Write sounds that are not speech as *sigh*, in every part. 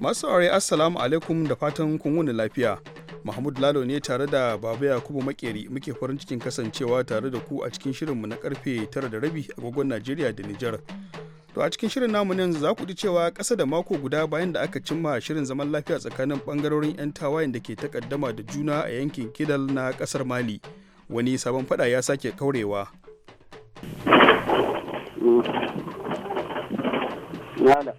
Masu aure Assalamu alaikum da fatan kun wuni lafiya. Mahmud Lalo ne tare da Baba Yakubu Makeri muke farin cikin kasancewa tare da ku a cikin shirinmu na karfe tara da rabi agogon Najeriya da Nijar. To a cikin shirin namu nan za ku ji cewa ƙasa da mako guda bayan da aka cimma shirin zaman lafiya tsakanin bangarorin 'yan tawayen da ke takaddama da juna a yankin Kidal na ƙasar Mali. Wani sabon fada ya sake kaurewa. Yala. Mm.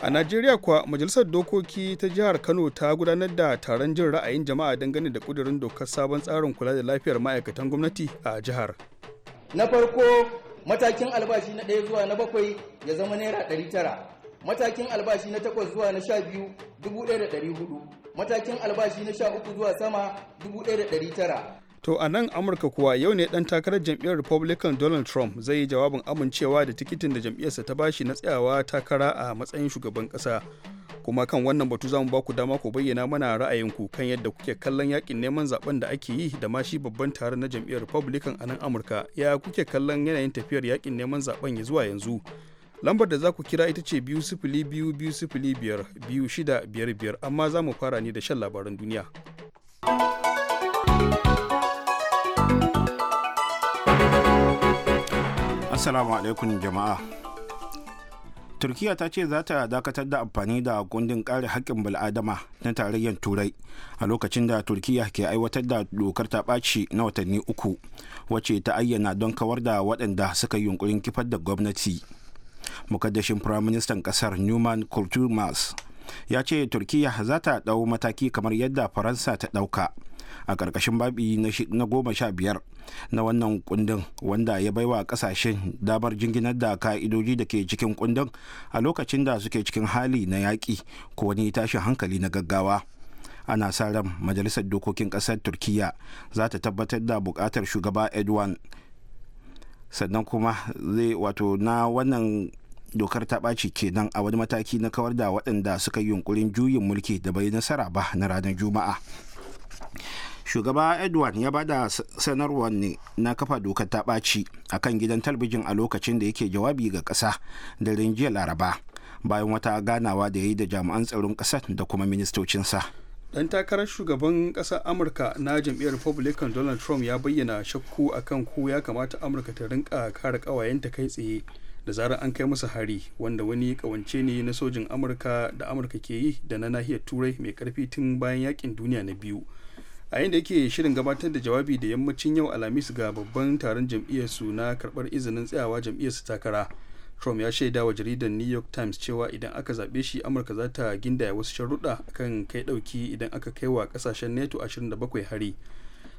A Najeriya kuwa Majalisar Dokoki ta Jihar Kano ta gudanar da taron jin ra'ayin jama'a dangane da kudurin dokar sabon tsarin kula da lafiyar ma'aikatan gwamnati a jihar. Na farko matakin albashi na ɗaya zuwa na bakwai ya zama naira ɗari tara. Matakin albashi na takwas zuwa na sha biyu dubu ɗaya da ɗari hudu. Matakin albashi na sha uku zuwa sama dubu ɗaya da ɗari tara. To a nan Amurka kuwa yau ne dan takarar jam'iyyar Republican Donald Trump zai yi jawabin amincewa da tikitin da jam'iyyarsa ta bashi na tsayawa takara a matsayin shugaban kasa Kuma kan wannan batu za mu ba ku dama ku bayyana mana ra'ayinku kan yadda kuke kallon yakin neman zaben da ake yi da ma shi babban taron na jam'iyyar Republican a nan Amurka. Ya kuke kallon yanayin tafiyar yakin neman zaben ya zuwa yanzu? Lambar da za ku kira ita ce biyu sifili biyu biyu sifili biyar biyu shida biyar biyar amma za mu fara ne da shan labaran duniya. assalamu alaikum jama'a turkiyya ta ce za ta dakatar da amfani da kundin kare haƙƙin bil'adama na tarayyar turai a lokacin da turkiyya ke aiwatar da dokar ta ɓaci na watanni uku wacce ta ayyana don kawar da waɗanda suka yi yunkurin kifar da gwamnati mukaddashin firaministan ƙasar newman kulturmas ya ce turkiyya za ta ɗau mataki kamar yadda faransa ta ɗauka a ƙarƙashin babi na goma sha biyar na wannan kundin wanda ya baiwa ƙasashen damar jinginar da ka'idoji da ke cikin kundin a lokacin da suke cikin hali na yaƙi ko wani tashin hankali na gaggawa. ana sa ran majalisar dokokin kasar turkiya za ta tabbatar da bukatar shugaba edwan sannan kuma zai wato na wannan dokar ta ɓaci kenan a wani mataki na kawar da waɗanda suka yi yunkurin juyin mulki da bai nasara ba na ranar juma'a shugaba edward ya bada sanarwar ne na kafa dokar ta ɓaci a kan gidan talbijin a lokacin da yake jawabi ga ƙasa da jiya laraba bayan wata ganawa da ya yi da jami'an tsaron ƙasar da kuma ministocinsa dan takarar shugaban ƙasar amurka na jam'iyyar republican donald trump ya bayyana shakku akan ko ya kamata amurka ta rinka kare ƙawayenta kai tsaye da zarar an kai masa hari wanda wani kawance ne na sojin amurka da amurka ke yi da na nahiyar turai mai ƙarfi tun bayan yakin duniya na biyu a yin da yake shirin gabatar da jawabi da yammacin yau alhamis ga babban taron jam'iyyarsu na karbar izinin tsayawa jam'iyyarsu takara trump ya shaida wa jaridar new york times cewa idan aka zaɓe shi amurka za ta gindaya wasu sharuɗa kan kai ɗauki idan aka kai wa ƙasashen nato 27 hari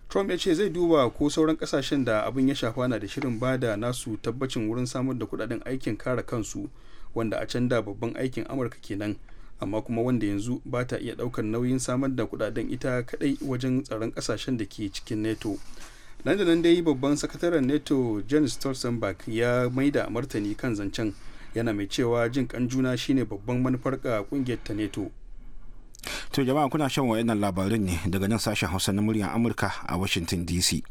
trump ya ce zai duba ko sauran ƙasashen da abin ya shafa na da shirin ba da nasu tabbacin wurin samar da kuɗaɗen aikin kare kansu wanda a can da babban aikin amurka kenan amma kuma wanda yanzu ba ta iya ɗaukar nauyin samar da kudaden ita kadai wajen tsaron kasashen da ke cikin neto nan da nan dai babban sakataren neto jen stoltenberg ya maida martani kan zancen yana mai cewa jin kan juna shine babban manufar ga kungiyar ta neto to jama'a kuna shan wayannan labarin ne daga nan sashen hausa na muryar amurka a washington dc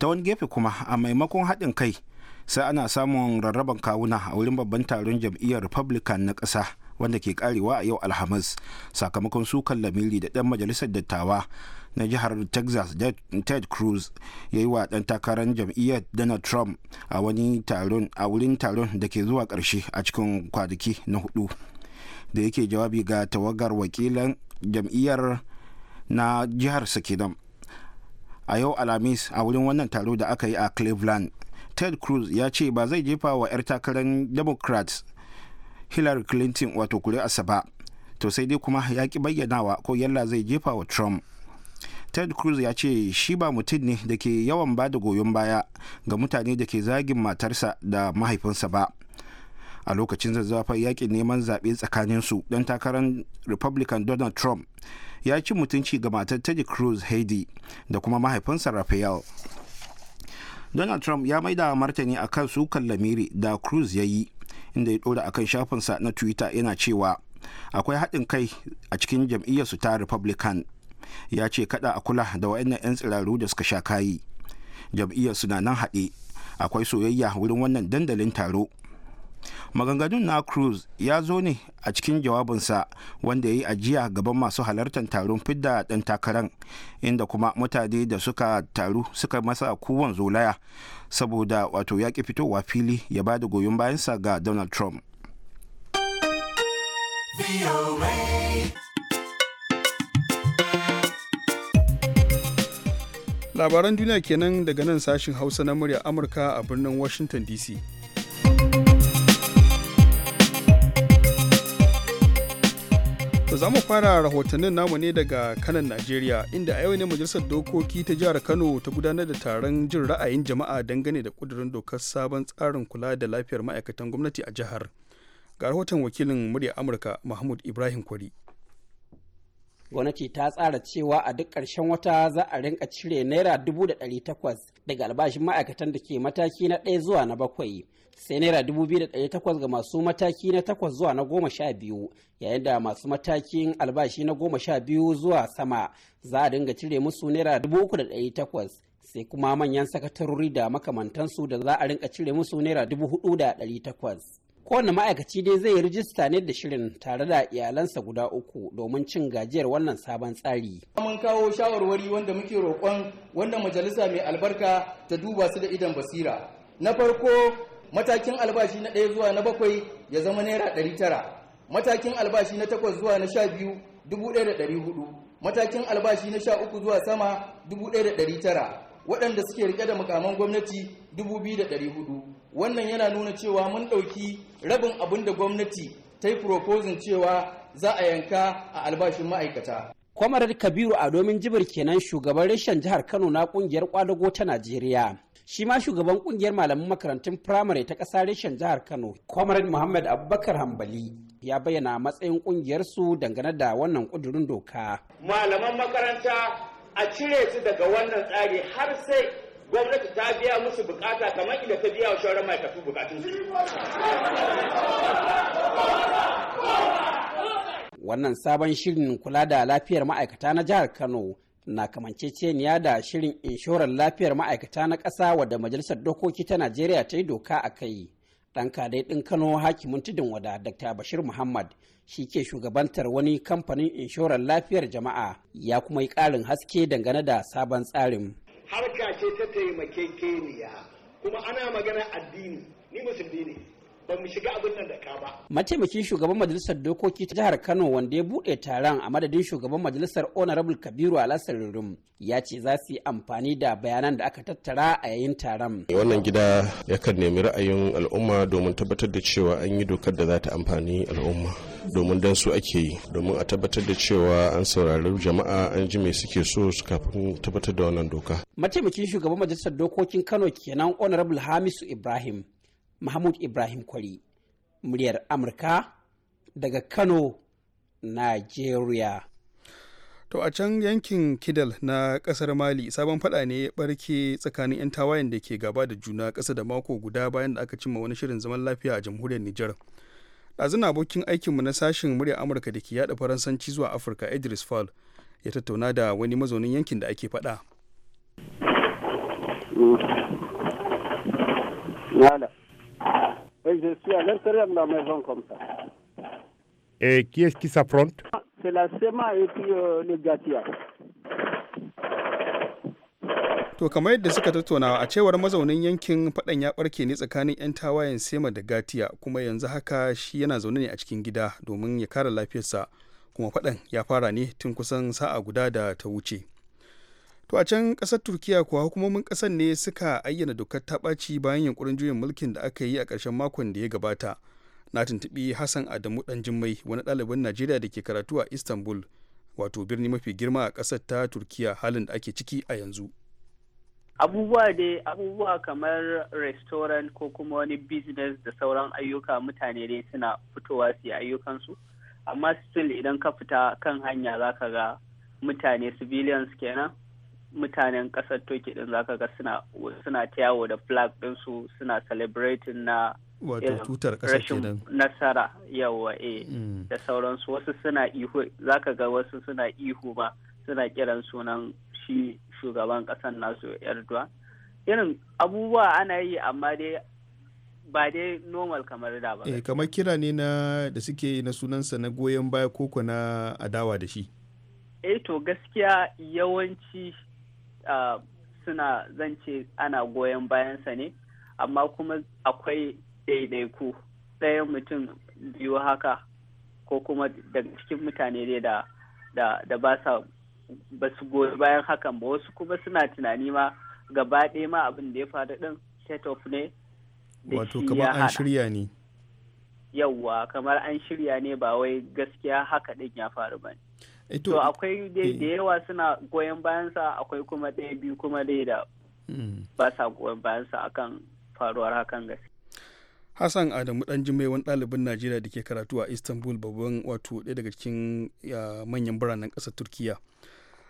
ta wani gefe kuma a maimakon haɗin kai sai ana samun rarraban kawuna a wurin babban taron jam'iyyar republican na ƙasa wanda ke karewa a yau alhamis sakamakon sukan lamiri da dan majalisar dattawa na jihar texas ted cruz ya yi wa dan takarar jam'iyyar donald trump a wani taron a wurin taron da ke zuwa karshe a cikin kwanaki na hudu da yake jawabi ga tawagar wakilan jam'iyyar na jihar sakidam a yau alhamis a wurin wannan taro da aka yi a cleveland ted cruz ya ce ba zai jefa wa 'yar takarar democrats hillary clinton wato kuri'arsa asaba to sai dai kuma ya ki bayyanawa ko yalla zai jefa wa trump ted cruz ya ce shi ba mutum ne da ke yawan ba da goyon baya ga mutane da ke zagin matarsa da mahaifinsa ba a lokacin zazzafar yakin neman zaɓe tsakaninsu ɗan takarar republican donald trump ya ci mutunci ga matar ted cruz heidi da kuma mahaifinsa rafael donald trump ya maida martani a kan sukan lamiri da cruz ya yi inda ya ɗora akan shafinsa na twitter yana cewa akwai haɗin kai a cikin jam'iyyarsu ta republican ya ce kada a kula da wa'annan 'yan tsiraru da suka sha kayi jam'iyyarsu na nan haɗe akwai soyayya wurin wannan dandalin taro maganganun na cruz ya zo ne a cikin jawabinsa wanda ya yi ajiya gaban masu halartar taron fidda ɗan takaran inda kuma mutane da suka taru suka masa kuwan zolaya saboda wato ya ki fitowa fili ya ba da goyon bayansa ga donald trump labaran duniya kenan daga nan sashin hausa na murya amurka a birnin washington dc To za mu fara rahotannin namu ne daga kanan Najeriya inda a yau ne majalisar dokoki ta jihar Kano ta gudanar da taron jin ra'ayin jama'a dangane da kudurin dokar sabon tsarin kula da lafiyar ma'aikatan gwamnati a jihar. Ga rahoton wakilin murya Amurka Mahmud Ibrahim Kwari. gwamnati ta tsara cewa a duk ƙarshen wata za a rinka cire naira dubu da ɗari takwas daga albashin ma'aikatan da ke mataki na ɗaya zuwa na bakwai sai naira dubu biyu da ɗari takwas ga masu mataki na takwas zuwa na goma sha biyu yayin da masu matakin albashi na goma sha biyu zuwa sama za a dinga cire musu naira dubu uku da ɗari takwas sai kuma manyan sakatarori da makamantansu da za a rinka cire musu naira dubu hudu da ɗari takwas. kowane ma'aikaci dai zai rijista ne da shirin tare da iyalansa guda uku domin cin gajiyar wannan sabon tsari. mun kawo shawarwari wanda muke roƙon wanda majalisa mai albarka ta duba su da idan basira na farko matakin albashi na ɗaya zuwa na bakwai ya zama naira ɗari tara matakin albashi na takwas zuwa na sha biyu dubu ɗaya da ɗari hudu matakin albashi na sha uku zuwa sama dubu ɗaya da ɗari tara waɗanda suke riƙe da mukaman gwamnati dubu biyu da ɗari hudu wannan yana nuna cewa mun ɗauki rabin abin da gwamnati ta yi proposing cewa za a yanka a albashin ma'aikata. kwamarar kabiru a domin jibir kenan shugaban reshen jihar kano na kungiyar kwadago ta najeriya shi ma shugaban kungiyar malaman makarantun firamare ta ƙasa reshen jihar kano kwamarar muhammad abubakar hambali ya bayyana matsayin kungiyarsu dangane da wannan kudurin doka malaman makaranta a cire su daga wannan tsari har sai gwamnati ta biya musu bukata kamar inda ta biya wa mai ma'aikatu bukatun su wannan sabon shirin kula da lafiyar ma'aikata na jihar kano na kamanceceniya da shirin inshorar lafiyar ma'aikata na ƙasa wadda majalisar dokoki ta najeriya ta yi doka a kai ɗan kadai ɗin kano hakimin tudun wada dr bashir muhammad shi ke shugabantar wani kamfanin inshorar lafiyar jama'a ya kuma yi ƙarin haske dangane da sabon tsarin harka ce ta taimakekeniya kuma ana magana addini ni musulmi ne ba mu shiga abin nan da ka ba. Mataimakin shugaban majalisar dokoki ta jihar Kano wanda ya buɗe taron a madadin shugaban majalisar Honorable Kabiru Alasar Rum ya ce za su yi amfani da bayanan da aka tattara a yayin taron. Wannan gida yakan nemi ra'ayin al'umma domin tabbatar da cewa an yi dokar da za ta amfani al'umma. domin dan su ake yi domin a tabbatar da cewa an saurari jama'a an ji mai suke so su kafin tabbatar da wannan doka mataimakin shugaban majalisar dokokin kano kenan honorable hamisu ibrahim mahmud ibrahim kwari muryar amurka daga kano nigeria To a can yankin Kidal na kasar Mali sabon fada ne ya barke tsakanin 'yan tawayen da ke gaba da juna kasa da mako guda bayan da aka cimma wani shirin zaman lafiya a jamhuriyar Nijar. ɗazun abokin aikinmu na sashen murya amurka da ke yada faransanci zuwa afirka idris fall ya tattauna da wani mazaunin yankin da ake faɗa. Eh, ah, et qui est euh, To kamar yadda suka tattaunawa a cewar mazaunin yankin faɗan ya ɓarke ne tsakanin 'yan tawayen Sema da Gatiya kuma yanzu haka shi yana zaune ne a cikin gida domin ya kare lafiyarsa kuma faɗan ya fara ne tun kusan sa'a guda da ta wuce. To a can ƙasar Turkiya kuwa hukumomin ƙasar ne suka ayyana dokar ta ɓaci bayan yunkurin juyin mulkin da aka yi a ƙarshen makon da ya gabata. Na tuntuɓi Hassan Adamu Jimmai wani ɗalibin Najeriya da ke karatu a Istanbul wato birni mafi girma a ƙasar ta Turkiya halin da ake ciki a yanzu. abubuwa dai abubuwa kamar restaurant ko kuma wani business da sauran ayyuka mutane dai suna fitowa su yi ayyukansu amma still idan ka fita kan hanya za ka ga mutane civilians kenan mutanen kasar toki din za ka ga suna ta yawo da flag dinsu suna celebrating na wato tutar kenan nasara yawa eh, mm. da sauransu wasu suna ihu za ga wasu suna ihu ba suna kiran sunan shi shugaban ƙasar nasu Erdogan. Irin abubuwa ana yi amma dai ba dai normal kamar da ba. Eh, kamar kira ne na da suke na sunansa na goyon baya koko na adawa da shi. Eh to gaskiya yawanci uh, suna zance ana goyon bayansa ne amma kuma akwai ɗaiɗaiku ɗaya mutum biyu haka ko kuma daga cikin mutane dai da da, da ba sa ba su goyi bayan hakan ba wasu kuma suna tunani ma gaba ɗaya ma abin da ya faru ɗin set of ne wato kamar an shirya ne yawwa kamar an shirya ne ba wai gaskiya haka ɗin ya faru ba eh, to akwai eh. da yawa suna goyon bayansa akwai kuma ɗaya biyu kuma dai da hmm. ba sa goyon bayansa akan faruwar hakan gaskiya Hassan Adamu dan jimai wani ɗalibin Najeriya da ke karatu a Istanbul babban wato ɗaya daga cikin manyan biranen ƙasar turkiya.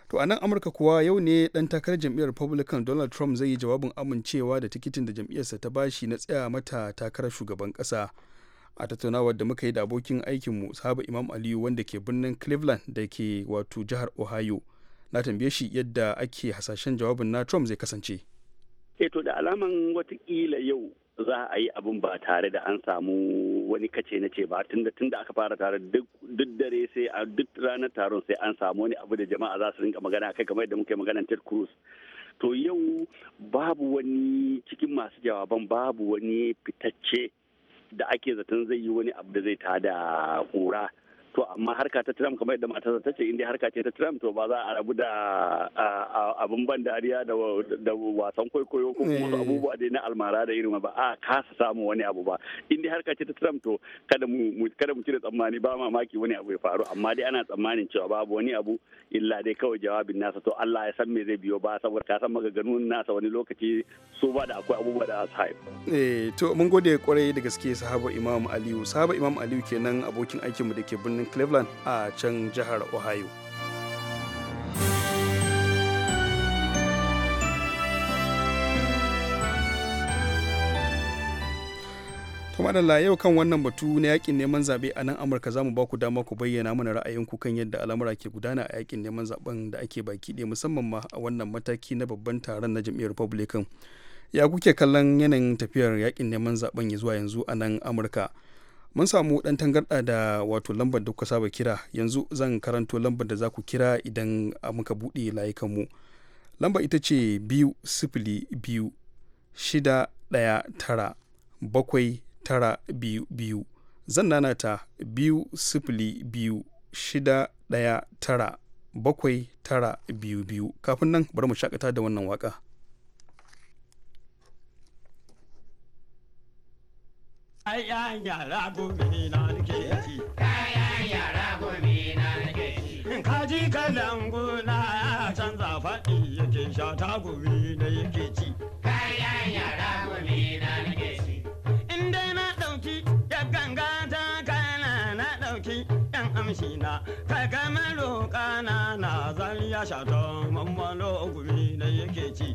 to a nan amurka kuwa yau ne dan takarar jam'iyyar republican donald trump zai yi jawabin amincewa da tikitin da jam'iyyarsa ta bashi na tsaya mata takarar shugaban kasa a tattaunawar da muka yi da abokin aikinmu sahaba imam aliyu wanda ke birnin cleveland da ke wato jihar ohio na tambaye shi yadda ake hasashen jawabin na trump zai kasance. Eh to da alaman watakila yau za a yi abin ba tare da an samu wani kace na ce ba tunda tunda aka fara taron duk dare sai a duk ranar taron sai an samu wani abu da jama'a za su rinka magana kai kamar yadda muke magana Ted Cruz to yau babu wani cikin masu jawaban babu wani fitacce da ake zaton zai yi wani abu da zai tada kura to amma harka ta Trump kamar yadda matarsa ta ce dai harka ce ta Trump to ba za a rabu da abun ban dariya da wasan kwaikwayo ko kuma eh. abubuwa da na almara da irin ba a kasa samu wani abu ba dai harka ce ta Trump to kada mu kada mu cire tsammani ba mamaki wani abu ya faru amma dai ana tsammanin cewa babu wani abu illa dai kawai jawabin nasa to Allah ya san me zai biyo ba saboda ka san maganganun nasa wani lokaci su ba da akwai abubuwa da haifa. eh to mun gode kwarai da gaske sahaba Imam Aliyu sahaba Imam Aliyu kenan abokin mu da ke birnin cleveland a can jihar ohio madalla yau kan wannan batu na yakin neman zaɓe a nan amurka za mu ba ku dama ku bayyana mana ra'ayinku kan yadda al'amura ke gudana a yakin neman zaɓen da ake baki ɗaya musamman ma a wannan mataki na babban taron na jam'iyyar republican ya kuke kallon yanayin tafiyar yakin neman zaɓen ya zuwa yanzu a nan amurka mun samu dan tangarda da wato lambar da kuka saba kira yanzu zan karanto lambar da za ku kira idan ah, muka buɗe mu lambar ita ce biyu sifili biyu shida ɗaya tara bakwai tara biyu biyu zan nanata biyu sifili biyu shida ɗaya tara bakwai tara biyu biyu kafin nan bari mu shakata da wannan waka. Kayan yara gobe na nake ci. Kayan yara gobe na nake ci. Kaji kalan gona canza faɗi yake shata ta gobe na yake ci. Kayan yara gobe na nake ci. In dai na ɗauki ya ganga ta kana na ɗauki yan amshi na ka gama roƙana na zan ya sha ta gobe na yake ci.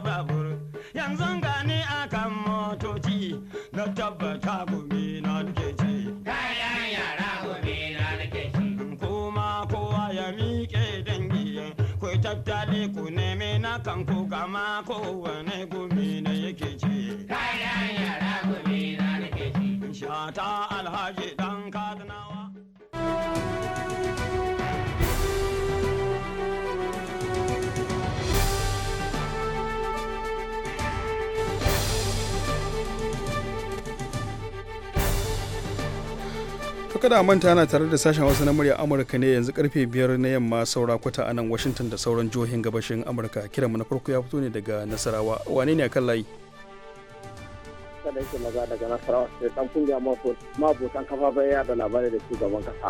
babur yanzu gani akan motoci na tabbata gumi gumi na duke ci kuma kowa ya miƙe dangi ku tattale ku neme na kanku gama kowane gumi na yake ci kayan yara kada manta ana tare da sashen wasu na murya amurka ne yanzu karfe biyar na yamma saura kwata a nan washington da sauran jihohin gabashin amurka kiran mu na farko ya fito ne daga nasarawa wane ne a kan layi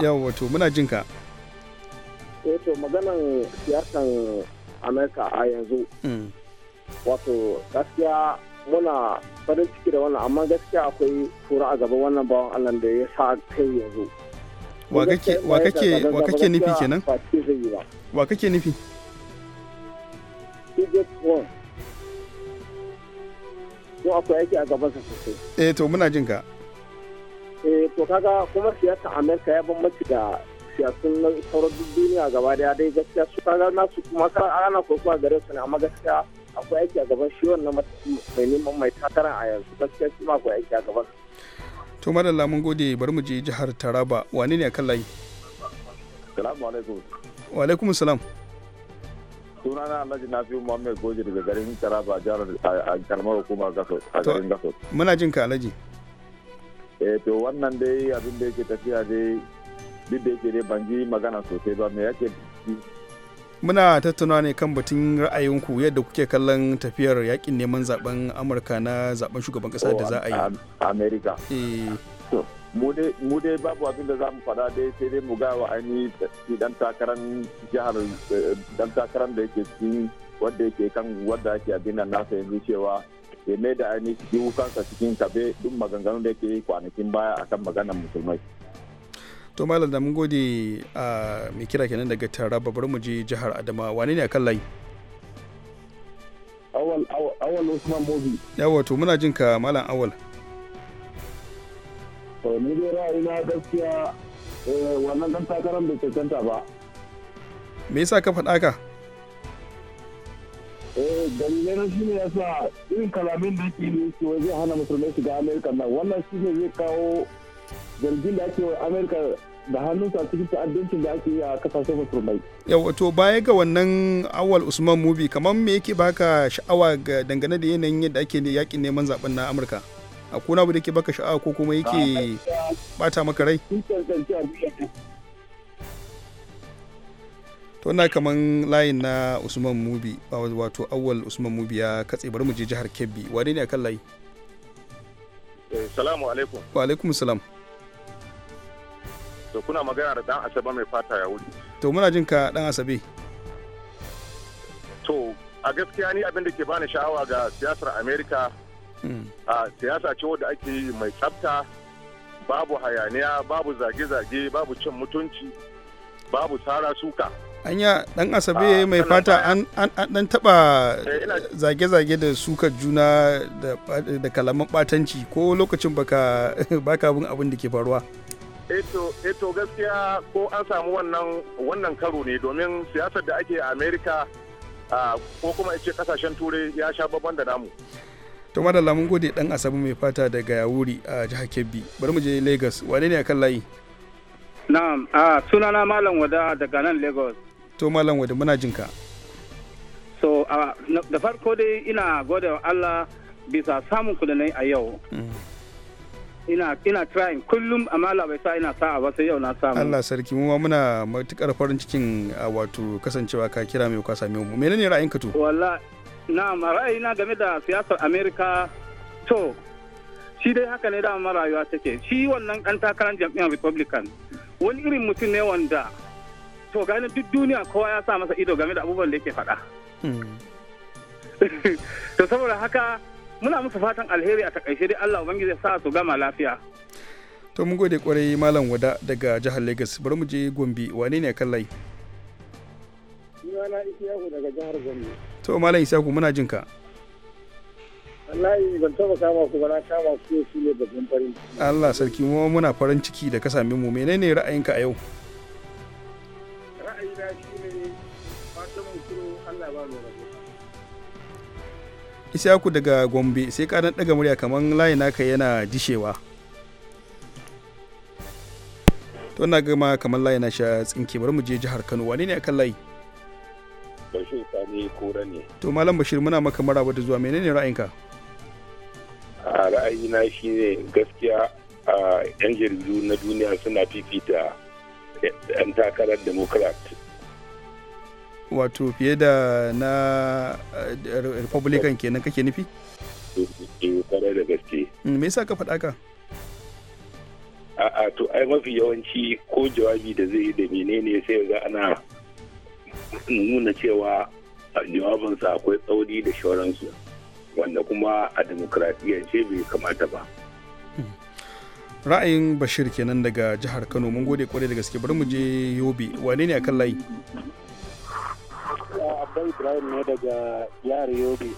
yawa wato muna jin ka eh to maganan siyasan amurka a yanzu mm. wato gaskiya muna farin ciki da wannan amma gaskiya akwai fura a gaban wannan bawan Allah da ya sa kai yanzu wa kake wa kake wa nufi kenan wa kake nufi ko akwai aiki a gabansa sosai eh to muna jin ka eh to kaga kuma siyasa Amerika ya bambanci da siyasun sauran duniya gaba daya dai gaskiya su kaga nasu kuma ana kokowa gare su ne amma gaskiya akwai aiki a gaban shi wannan mai neman mai takara a yanzu gaskiya shi ma akwai aiki a gaban to madalla mun gode bari mu je jihar taraba wane ne a kan layi salamu alaikum wa alaikum salam sunana alhaji na fi muhammed goje daga garin taraba jihar karamar hukumar gaso a garin gaso muna jin ka alhaji eh to wannan dai abin da yake tafiya dai duk da yake dai ban ji magana sosai ba me yake muna tattauna ne kan batun ra'ayinku yadda kuke kallon tafiyar yakin neman zaben amurka na zaben shugaban kasa da za a yi oh, america eh. mu dai babu abin da za mu fada dai sai dai mu gawa ainihi dan takarar jihar dan eh, takarar da yake cikin wadda yake kan wadda ake abin nan nasa yanzu cewa ya mai da ainihi cikin kansa cikin kabe duk maganganun da yake kwanakin baya akan magana musulmai to malam da mun gode a mai kira kenan daga tara babbar mu je jihar adama wane ne a kan layi awal awal usman bobi yawa to muna jin ka malam awal to ni dai ra'ayina gaskiya eh, wannan dan takarar bai cancanta ba me yasa ka faɗa ka eh dalilai shi ne yasa irin kalamin da ne yi waje hana musulmai shiga amerika nan wannan shi ne zai kawo jirgin da ake wa amerika da hannunsa cikin ta'addancin da ake yi a kasashen musulmai. Yau to baya ga wannan awal Usman Mubi kamar me yake baka sha'awa ga dangane da yanayin yadda ake yakin neman zaben na Amurka? A kuna abu da yake baka sha'awa ko kuma yake bata maka rai? To na kaman layin na Usman Mubi wato awal Usman Mubi ya katse bari mu je jihar Kebbi wane ne akan layi? Eh, salamu alaikum. Wa alaikum salam. to kuna magana da dan asabe mai fata ya wuce. to muna jin ka dan asabe to a gaskiya ni abin da ke bani sha'awa ga siyasar america hmm. a siyasa ce wadda ake yi mai tsafta babu hayaniya babu zage-zage babu cin mutunci babu tsara suka anya dan asabe ah, mai fata an dan taba eh, zage-zage da suka juna da kalaman batanci ko lokacin baka *laughs* baka bin abin da ke faruwa eto eh, eh, gaskiya ko an samu wannan wannan karo ne domin siyasar da ake a amerika ko kuma ce kasashen turai ya sha babban da namu to madalla mun gode dan asabu mai fata daga yawuri a jihar kebbi bari mu je lagos wane ne akan layi na'am a sunana malam wada daga nan lagos to malam wada muna ka so da farko dai ina gode wa allah bisa samun ku a yau mm. ina ina trying kullum amma Allah bai sa ina sa'a ba sai yau na samu Allah sarki mu muna matukar farin cikin ah, wato kasancewa ka kira mai ka same mu menene ra'ayinka to wallahi na'am ra'ayina game da siyasar America to shi dai haka ne dama rayuwa take shi wannan ɗan takarar jam'iyyar republican wani irin mutum ne wanda to gani duk duniya kowa ya sa masa ido game da abubuwan da yake faɗa hmm. *laughs* to saboda haka muna musu fatan alheri a takaice dai Allah ubangiji ya sa su gama lafiya to mun gode kwarai malam wada daga jihar Lagos bari mu je Gombe wane ne kan lai? Isiyaku daga jihar Gombe to malam Isiyaku muna jin ka wallahi ban taba kama ku ba na kama ku ne babban Allah sarki mu muna farin ciki da ka same mu menene ra'ayinka a yau ku daga Gombe sai ka dan daga murya kamar layi naka yana dishewa. To na gama kamar layi na sha tsinke bari mu je jihar Kano wane ne akan layi? Bashir Sani Kura ne. To Malam Bashir muna maka maraba da zuwa menene ra'ayinka? A ra'ayina shi ne gaskiya a 'yan jaridu na duniya suna fifita eh, 'yan takarar Democrat wato fiye da na eh, republican kenan kake nufi? Eh, da gaske. Mm, me yasa ka faɗa ka? a'a to ai mafi yawanci ko jawabi da zai yi da menene sai ga ana nuna cewa jawabinsa akwai tsauri da shauransu wanda kuma a demokradiyya ce bai kamata ba hmm. ra'ayin bashir kenan daga jihar kano mun gode kwarai da gaske bari mu je yobe wane ne a kan layi Abba Ibrahim ne daga yare Yobe.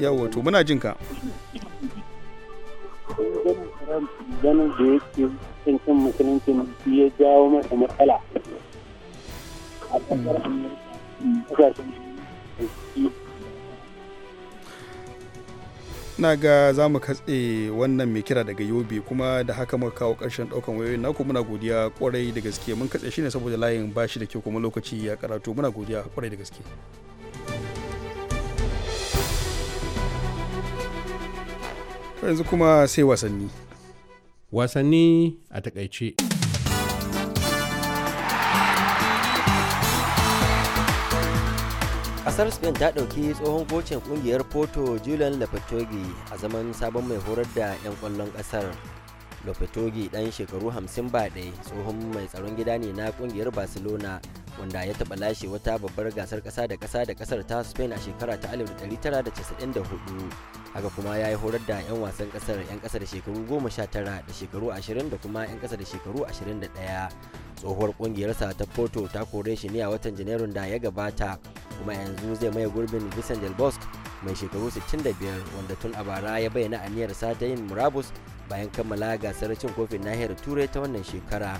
Yawwa to muna jin ka. Ganin da yake cin cin musulunci ya jawo masa matsala. A ƙasar na ga za mu katse wannan mai kira daga yobe kuma da haka muka kawo ƙarshen ɗaukan wayoyin naku muna godiya kwarai da gaske mun katse shi ne saboda layin bashi da kyau kuma lokaci ya karatu muna godiya kwarai da gaske. yanzu kuma sai wasanni wasanni a takaice kasar spain ta ɗauki tsohon kocin kungiyar porto julian lopetogi a zaman sabon mai horar da 'yan kwallon kasar lopetogi dan shekaru 50 ba ɗai tsohon mai tsaron gida ne na kungiyar barcelona wanda ya taɓa lashe wata babbar gasar ƙasa da ƙasa da ƙasar ta spain a shekara ta 1994 haka kuma ya yi horar da 'yan wasan kasar 'yan kasa da shekaru 19 da shekaru 20 da kuma 'yan kasa da shekaru 21 tsohuwar kungiyarsa ta porto ta kore shi ne a watan janairun da ya gabata kuma yanzu zai maye gurbin vincent del bosque mai shekaru 65 wanda tun a bara ya bayyana aniyarsa ta yin murabus bayan kammala gasar cin kofin nahiyar turai ta wannan shekara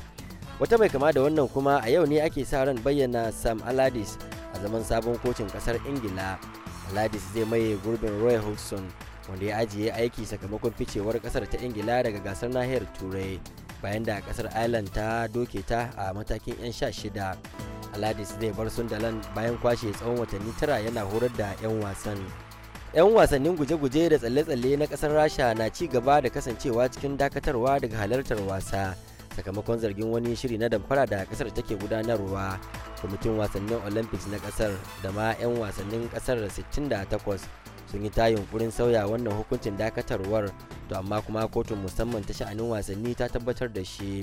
wata mai kama da wannan kuma a yau ne ake sa ran bayyana sam aladis a zaman sabon kocin kasar ingila aladis zai maye gurbin roy hodgson wanda ya ajiye aiki sakamakon ficewar kasar ta ingila daga gasar nahiyar turai bayan da kasar ireland ta doke ta a matakin 'yan sha shida aladis zai bar sundalan bayan kwashe tsawon watanni tara yana horar da 'yan wasan 'yan wasannin guje-guje da tsalle-tsalle na kasar rasha na ci gaba da kasancewa cikin dakatarwa daga halartar wasa sakamakon zargin wani shiri na damfara da kasar take gudanarwa kwamitin wasannin olympics na kasar da ma 'yan wasannin kasar 68 sun yi tayin yunkurin sauya wannan hukuncin dakatarwar to amma kuma kotun musamman ta sha'anin wasanni ta tabbatar da shi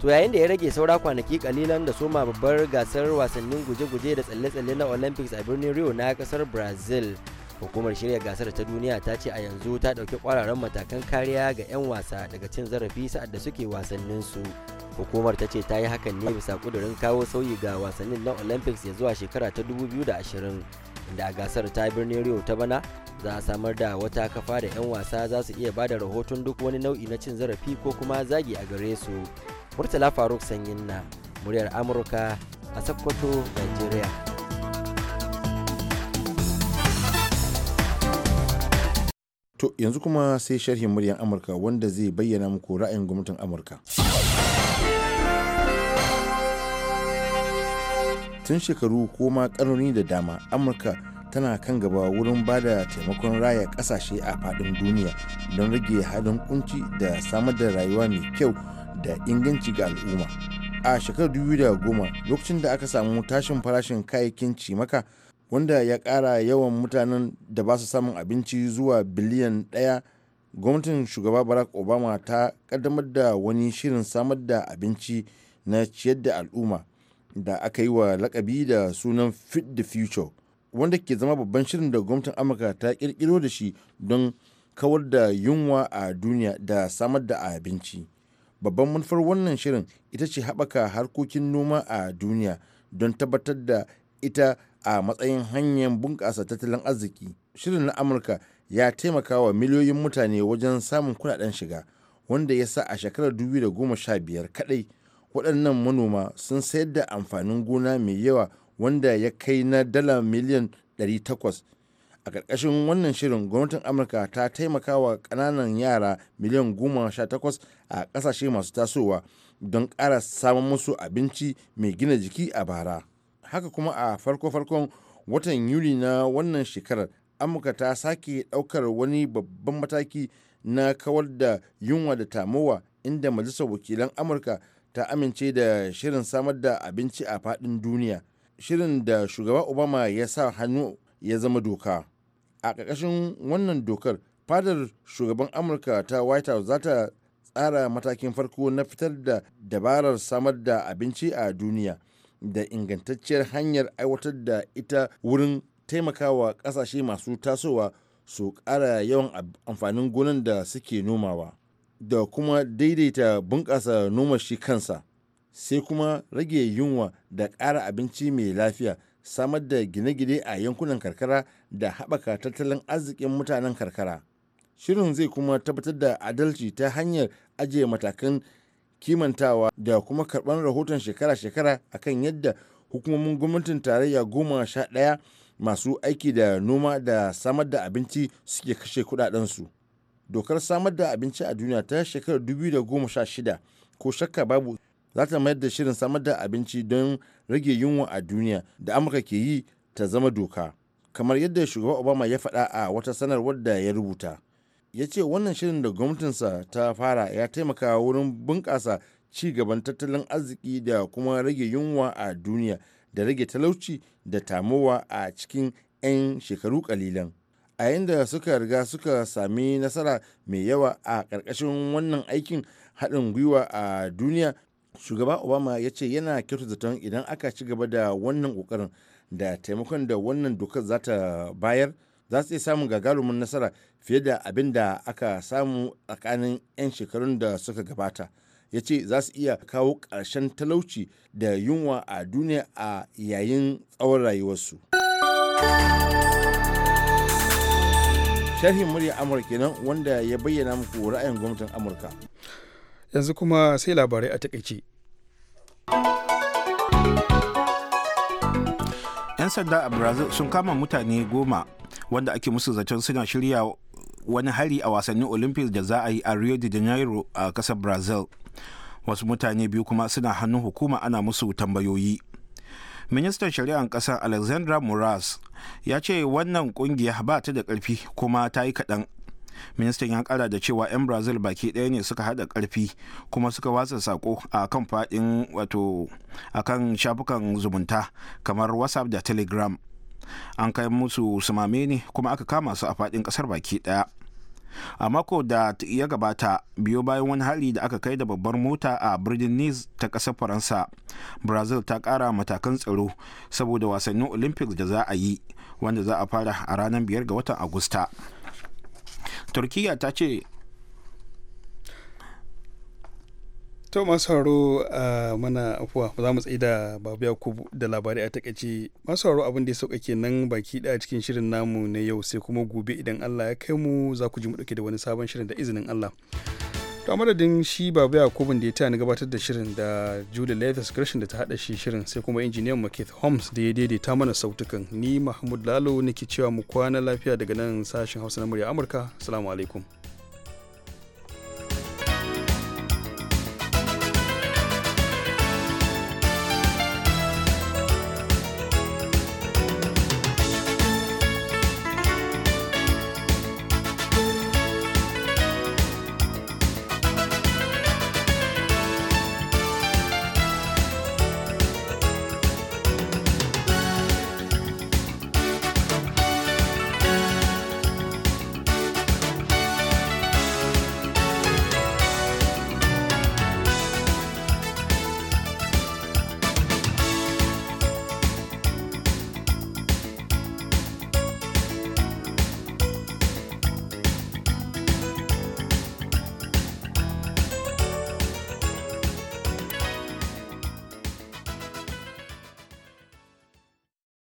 to yayin da ya rage saura kwanaki kalilan da soma babbar gasar wasannin guje-guje da tsalle-tsalle na olympics a birnin rio na kasar brazil hukumar shirya gasar ta duniya ta ce a yanzu ta ɗauki kwararan matakan kariya ga 'yan wasa daga cin zarafi sa'ad da suke wasannin su hukumar ta ce ta yi hakan ne bisa kudurin kawo sauyi ga wasannin na olympics ya zuwa shekara ta 2020 inda a gasar ta birnin rio ta bana za a samar da wata kafa da 'yan wasa za su iya ba da rahoton duk wani nau'i na cin zarafi ko kuma zagi a gare su murtala faruk sanyin na muryar amurka a sokoto nigeria to yanzu kuma sai sharhin muryar amurka wanda zai bayyana muku ra'ayin gwamnatin amurka tun shekaru ko ma da dama amurka tana kan gaba wurin ba da taimakon raya ƙasashe a faɗin duniya don rage haɗin kunci da samar da rayuwa mai kyau da inganci ga al'umma a shekarar 2010 lokacin da aka samu tashin farashin kayayyakin cimaka wanda ya kara yawan mutanen da ba su samun abinci zuwa biliyan ɗaya gwamnatin shugaba barack obama ta ƙaddamar da wani shirin samar da abinci na ciyar da al'umma da aka yi wa lakabi da sunan fit the future wanda ke zama babban shirin da gwamnatin amurka ta kirkiro da shi don kawar da yunwa a duniya da samar da abinci Babban manufar wannan shirin ita ce haɓaka harkokin noma a duniya don tabbatar da ita a matsayin hanyar bunƙasa tattalin arziki. Shirin na Amurka ya taimaka wa miliyoyin mutane wajen samun kuɗaɗen shiga, wanda ya sa a shekarar 2015 kaɗai waɗannan manoma sun sayar da amfanin gona mai yawa wanda ya kai na dala miliyan 800 a ƙarƙashin wannan shirin gwamnatin amurka ta taimaka wa ƙananan yara miliyan goma sha takwas a ƙasashe masu tasowa don ƙara samun musu abinci mai gina jiki a bara haka kuma a farko-farkon watan yuli na wannan shekarar amurka ta sake ɗaukar wani babban mataki na kawar da yunwa da tamowa inda majalisar wakilan amurka ta amince da shirin samar da abinci a faɗin duniya shirin da shugaba obama ya sa hannu ya zama doka. a ƙarƙashin wannan dokar fadar shugaban amurka ta white house za tsara matakin farko na fitar da dabarar samar da abinci a duniya da ingantacciyar hanyar aiwatar da ita wurin taimakawa ƙasashe masu tasowa su ƙara yawan amfanin gonan da suke nomawa da kuma daidaita bunƙasa noma shi kansa sai kuma rage yunwa da ƙara abinci mai lafiya samar da gine-gine a yankunan karkara da haɓaka tattalin arzikin mutanen karkara shirin zai kuma tabbatar da adalci ta hanyar ajiye matakan kimantawa da kuma karɓar rahoton shekara-shekara akan yadda hukumomin gwamnatin tarayya goma sha ɗaya masu aiki da noma da samar da abinci suke kashe kudadensu dokar samar da abinci a duniya ta shekarar 2016 ko shakka babu za ta mayar da shirin samar da abinci don rage yunwa a duniya da amurka ke yi ta zama doka kamar yadda shugaban obama ya faɗa a wata sanarwar da ya rubuta ya ce wannan shirin da gwamnatinsa ta fara ya taimaka wurin bunƙasa ci gaban tattalin arziki da kuma rage yunwa a duniya da rage talauci da tamowa a cikin 'yan shekaru kalilan a yayin da suka riga suka sami nasara mai yawa a ƙarƙashin wannan aikin haɗin gwiwa a duniya shugaba obama ya ce yana kyautu zaton idan aka ci gaba da wannan kokarin da taimakon da wannan dokar za ta bayar za su iya samun gagarumin nasara fiye da abin da aka samu tsakanin 'yan shekarun da suka gabata ya ce za su iya kawo ƙarshen talauci da yunwa a duniya a yayin tsawon rayuwarsu sharhin murya amurka kenan wanda ya bayyana muku ra'ayin gwamnatin amurka yanzu kuma sai labarai a takaice. 'yan sanda a brazil sun kama mutane goma wanda ake musu zaton suna shirya wani hari a wasannin olympics da za a yi a rio de janeiro a kasar brazil wasu mutane biyu kuma suna hannun hukuma ana musu tambayoyi ministan shari'ar kasar alexandra moraes ya ce wannan kungiya ba ta da karfi kuma ta yi kaɗan ministan ya kara da cewa 'yan brazil baki ɗaya ne suka hada karfi kuma suka watsa sako a kan fadin wato a kan shafukan zumunta kamar whatsapp da telegram an kai musu sumame ne kuma aka kama su a fadin kasar baki ɗaya a mako da ya gabata biyo bayan wani hari da aka kai da babbar mota a birnin nice ta ƙasar faransa brazil ta kara matakan tsaro saboda wasannin olympics da za a yi wanda za a fara a ranar 5 ga watan agusta turkiya ta ce to masu haro a mana afuwa za mu tsaye da babu yakubu da labarai a takaice masu haro abin da ya sauka nan baki ɗaya cikin shirin namu na yau sai kuma gobe idan allah ya kai mu za ku ji mu dauke da wani sabon shirin da izinin allah to madadin shi baba kubin da ya taya na gabatar da shirin da julie leathers gresham da ta hada shi shirin sai kuma injiniyan mu keith holmes da ya daidaita mana sautukan ni mahmud lalo nake cewa mu kwana lafiya daga nan sashen hausa na murya amurka assalamu alaikum